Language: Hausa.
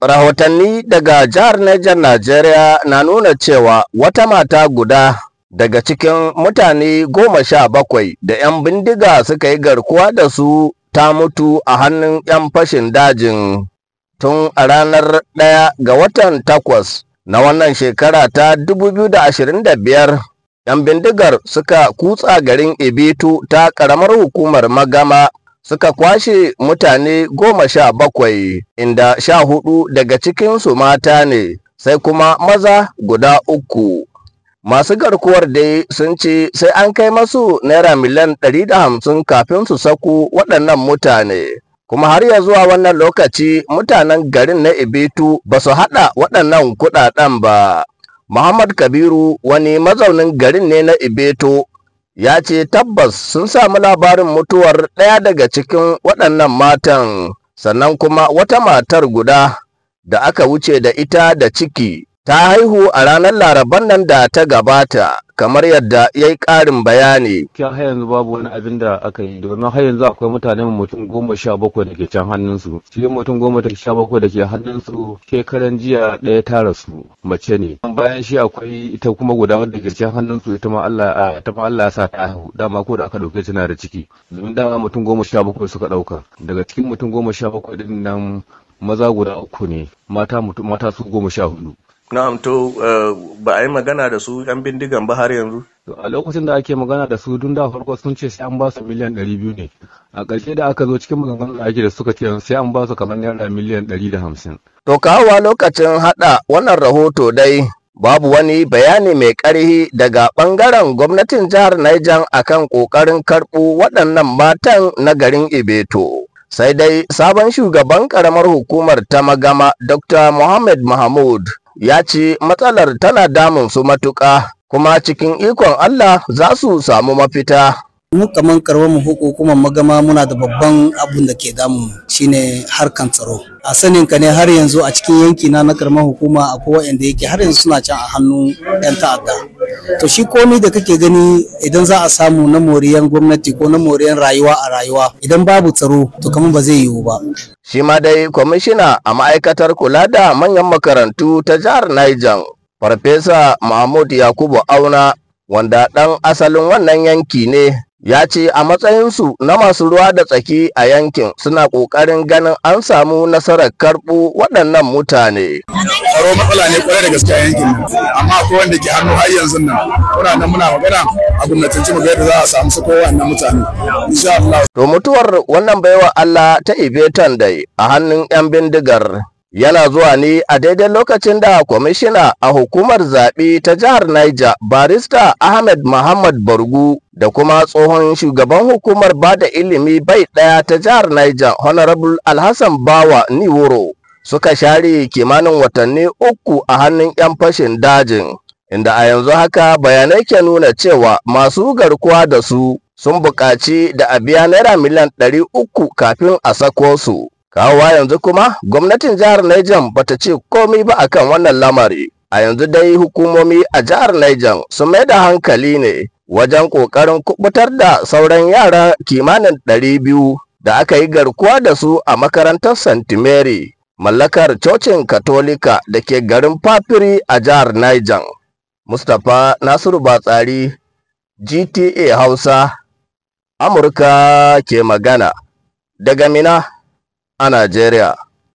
Rahotanni daga jihar Niger Najeriya na nuna cewa wata mata guda daga cikin mutane goma sha bakwai da 'yan bindiga suka yi garkuwa da su ta mutu a hannun 'yan fashin dajin tun a ranar ɗaya ga watan takwas na wannan shekara ta 2025 'yan bindigar suka kutsa garin ibitu ta ƙaramar hukumar magama suka kwashe mutane goma sha bakwai inda sha hudu daga cikinsu mata ne sai kuma maza guda uku masu garkuwar dai sun ce sai an kai masu naira miliyan hamsin kafin su saku waɗannan mutane kuma har ya zuwa wannan lokaci mutanen garin na ibitu ba su haɗa waɗannan kuɗaɗen ba muhammad kabiru wani mazaunin garin ne na ibeto ya ce tabbas sun samu labarin mutuwar ɗaya daga cikin waɗannan matan sannan kuma wata matar guda da aka wuce da ita da ciki ta haihu a ranar laraban nan da ta gabata kamar yadda ya yi ƙarin bayani. Kya har yanzu babu wani abin da aka yi domin har yanzu akwai mutane mutum goma sha bakwai da ke can hannunsu. Shi mutum goma sha bakwai da ke hannunsu shekaran jiya ɗaya ta rasu mace ne. Bayan shi akwai ita kuma guda wadda ke can hannunsu ita ma Allah ita ma Allah ya sa ta haihu dama ko da aka ɗauke tana da ciki. Domin dama mutum goma sha bakwai suka ɗauka. Daga cikin mutum goma sha bakwai ɗin nan maza guda uku ne mata mata su goma sha hudu na'am to eh, ba a yi magana da su yan bindigan ba har yanzu a lokacin da ake magana da su dun da farko sun ce sai an ba su miliyan 200 ne a ƙarshe da aka zo cikin maganganun da ake da suka ce sai an ba su kamar naira miliyan 150 to kawowa lokacin hada wannan rahoto dai babu wani bayani mai ƙarhi daga ɓangaren gwamnatin jihar Niger akan ƙoƙarin karɓo waɗannan matan na garin Ibeto. Sai dai sabon shugaban ƙaramar hukumar ta magama Dr. Mohammed Mahmud ya ce matsalar tana damun su matuƙa kuma cikin ikon Allah za su samu mafita. mu kaman karbar mu hukumar magama muna da babban abun da ke damu shine harkan tsaro a sanin ka ne har yanzu a cikin yanki na na karamar hukuma akwai waɗanda yake har yanzu suna can a hannun yan ta'adda to shi komai da kake gani idan za a samu na moriyan gwamnati ko na moriyan rayuwa a rayuwa idan babu tsaro to kaman ba zai yiwu ba shi ma dai kwamishina a ma'aikatar kula da manyan makarantu ta jihar Niger Farfesa Mahmud Yakubu Auna wanda ɗan asalin wannan yanki ne ya ce a matsayinsu na masu ruwa da tsaki a yankin suna ƙoƙarin ganin an samu nasarar karɓo waɗannan mutane. Tsaro matsala ne kwarai da gaske a yankin amma akwai wanda ke hannu har yanzu nan muna nan muna magana a gwamnatin mu ga za a samu su kowa na mutane. To mutuwar wannan baiwa Allah ta Ibetan dai a hannun 'yan bindigar yana zuwa ne a daidai lokacin da kwamishina a hukumar zaɓe ta jihar Niger barista Ahmed Muhammad Bargu da kuma tsohon shugaban hukumar bada ilimi bai ɗaya ta jihar Niger Honorable Alhassan Bawa Niworo suka share kimanin watanni uku a hannun 'yan fashin dajin inda a yanzu haka bayanai ke nuna cewa masu garkuwa da su sun buƙaci da a biya naira miliyan ɗari uku kafin a sako su. kawowa yanzu kuma gwamnatin jihar Niger bata ce komai ba akan wannan lamari a yanzu dai hukumomi a jihar Niger su mai da hankali ne wajen kokarin kubutar da sauran yara kimanin ɗari biyu da aka yi garkuwa da su a makarantar St. Mary mallakar cocin katolika da ke garin papiri a jihar Niger Mustapha Nasiru Batsari GTA Hausa Amurka ke magana daga Mina a Najeriya